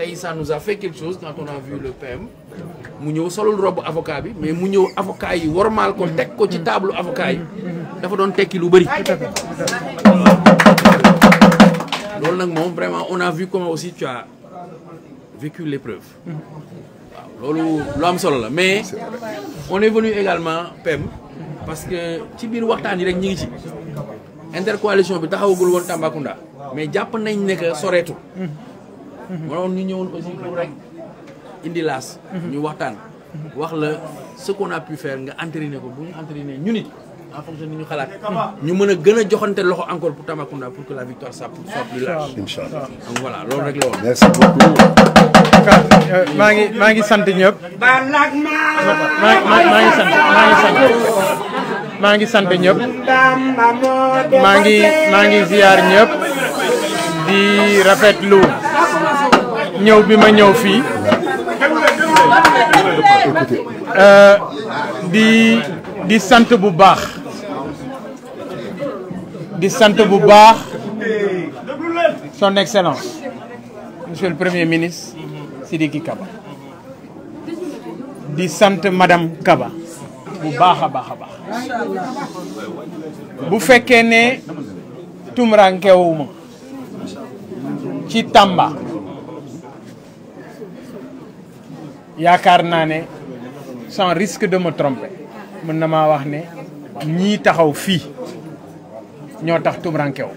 Et ça nous a fait quelque chose quand on a vu le Pem. mu ñëw le robe avocat bi mais mu ñëw avocat yi warmaal ko teg ko ci table avocat yi dafa doon tekki lu bëri loolu vraiment on a vu comment aussi tu as vécu l'épreuve waaw lu am solo la mais on est venu également Pem parce que ci biir waxtaan yi rek ñi ngi ci intercoalition bi taxawagul woon Tambacounda mais jàpp nañ ne que tout. waroon ñu ñëwoon aussi pour rek indi ñu waxtaan. wax la ce qu'on a pu faire nga ko bu ñu entraîner ñu nit en fonction ni ñu xalaat. ñu mën a gën a joxante loxo encore pour Tambacounda pour que la victoire soit plus large. incha allah donc voilà loolu rek la woon. maa ngi maa ngi sant ñëpp. maa maa ngi sant maa ngi sant maa ngi sant ñëpp. maa ngi maa ngi ziar ñëpp. di rafetlu. ñëw bima ma ñëw fii euh, di di sant bu baax di son excellence monsieur le premier ministre Sidiki Kaba di sant madame Kaba bu baax a baax a bu Tamba yakarnaane sans risque de me tromper mën na maa wax ne ñii taxaw fii ñoo tax tumrankew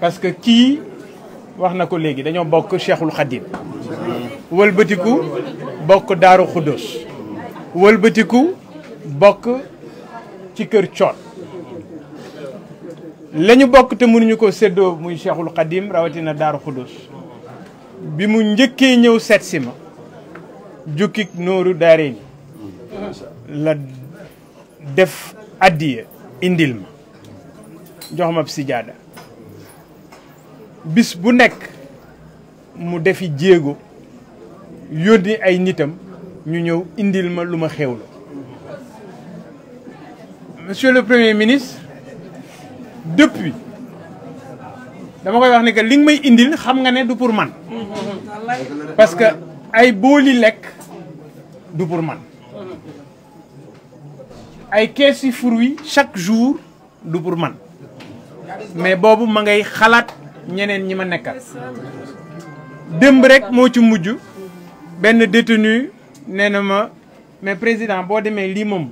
parce que kii wax na ko léegi dañoo bokk Cheikhul Khadim wëlbatiku bokk Daaru Xuddos wëlbatiku bokk ci kër coot la ñu bokk te mënuñu ko séddoo muy Cheikhul Khadim rawatina Daaru bi mu njëkkee ñëw seet si ma jukkik nooru daare ni la def adiya indil ma jox ma sijaada bis bu nekk mu defi jéego yónni ay nitam ñu ñëw indil ma lu ma xewlu monsieur le premier ministre depuis dama koy wax ni que ling may indil xam nga ne du pour man parce que ay boli lek du pour man ay caisse yi fruits chaque jour du pour man mais bobu ma ngay xalat ñeneen ñima nekkal demb rek mo ci muju ben détenu néna ma mais président bo démé li mom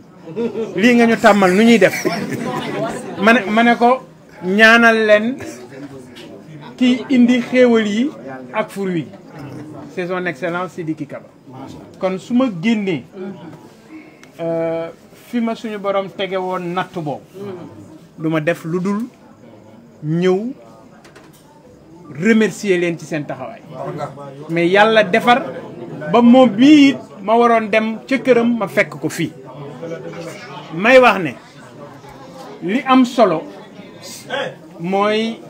li nga ñu tamal nu ñuy def mané mané ko ñaanal len Qui indi xéewal yi ak fruits c'est son excellence Sidiki Kaba kon suma guenné euh fi ma suñu borom tege won natt boobu du def ludul ñew remercier leen ci sen taxaway mais yalla défar ba mo bi ma waron dem ci kërëm ma fekk ko fi may wax né li am solo moy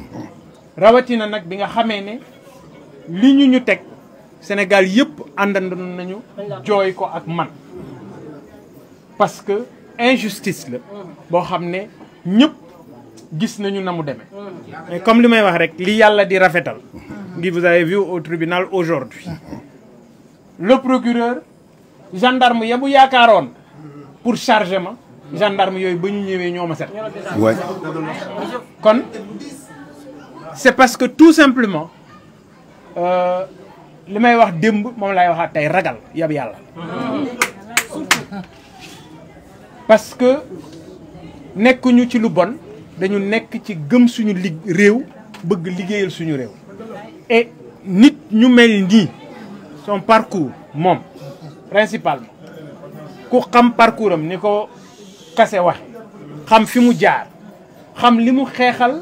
rawatina nak bi nga xamé né li ñu ñu tek Sénégal yépp àndandoon nañu joy ko ak man parce que injustice la bo xamné ñëpp gis nañu na démé mais mm. comme li may wax rek li yalla di rafetal ngi vous avez vu au tribunal aujourd'hui le procureur gendarme yabu yakaron pour chargement gendarme yoy ba ñu ñëwee ñoo ouais kon c'est parce que tout simplement euh, li may wax démb moom laay waxaat tey ragal yab yalla parce que nekkuñu ci lu bon dañu nekk ci gëm suñu lig réew bëgg liggéeyal suñu réew et nit ñu mel ni son parcours mom principalement ku xam parcours niko kasse ko xam fi mu jaar xam limu xéxal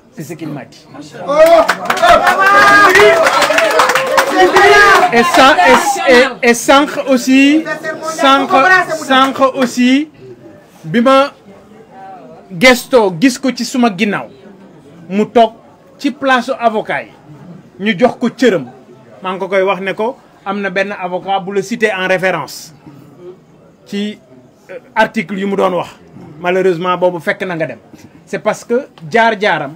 ce qu'il m'a Et ça, et, et, aussi, aussi, Bima Gesto, ci suma mu place avocat ñu jox ko avocat bu le en référence ci euh, article yu mu malheureusement bobu fekk na nga c'est parce que jaar-jaaram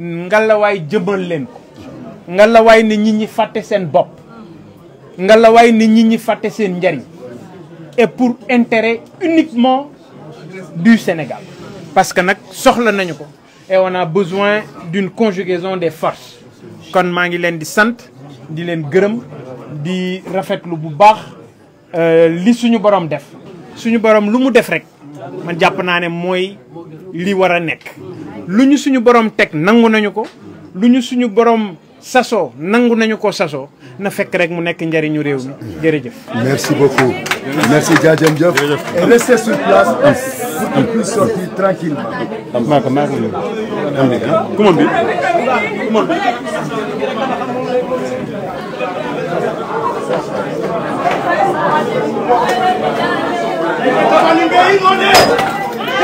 ngalawaay jëmal leen ko ngalawaay ne nit ñi faté sen bop ngalawaay ne nit ñi faté sen et pour intérêt uniquement du Sénégal parce que nak soxla nañu ko et on a besoin d'une conjugaison des forces kon ma ngi leen di sante di leen gërëm di rafetlu bu baax euh, li suñu borom def suñu borom lu mu def rek man japp moy li wara nek luñu suñu borom tek nangu nañu ko luñu suñu borom saso nangu nañu ko saso na fekk rek mu nek njariñu rew mi jërëjëf merci beaucoup merci jaajëm jëf et restez sur place pour que puisse sortir tranquillement maaka maaka ah, kuma bi kuma bi Come on, baby, on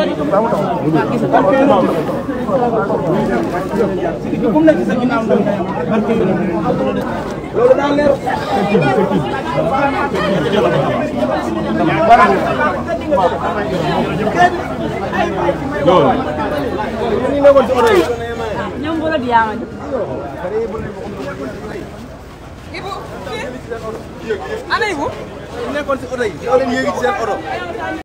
loolu daa leer ñoom di ibu iya. ana ibu nekkoon ci oto yi ñoo leen yéegi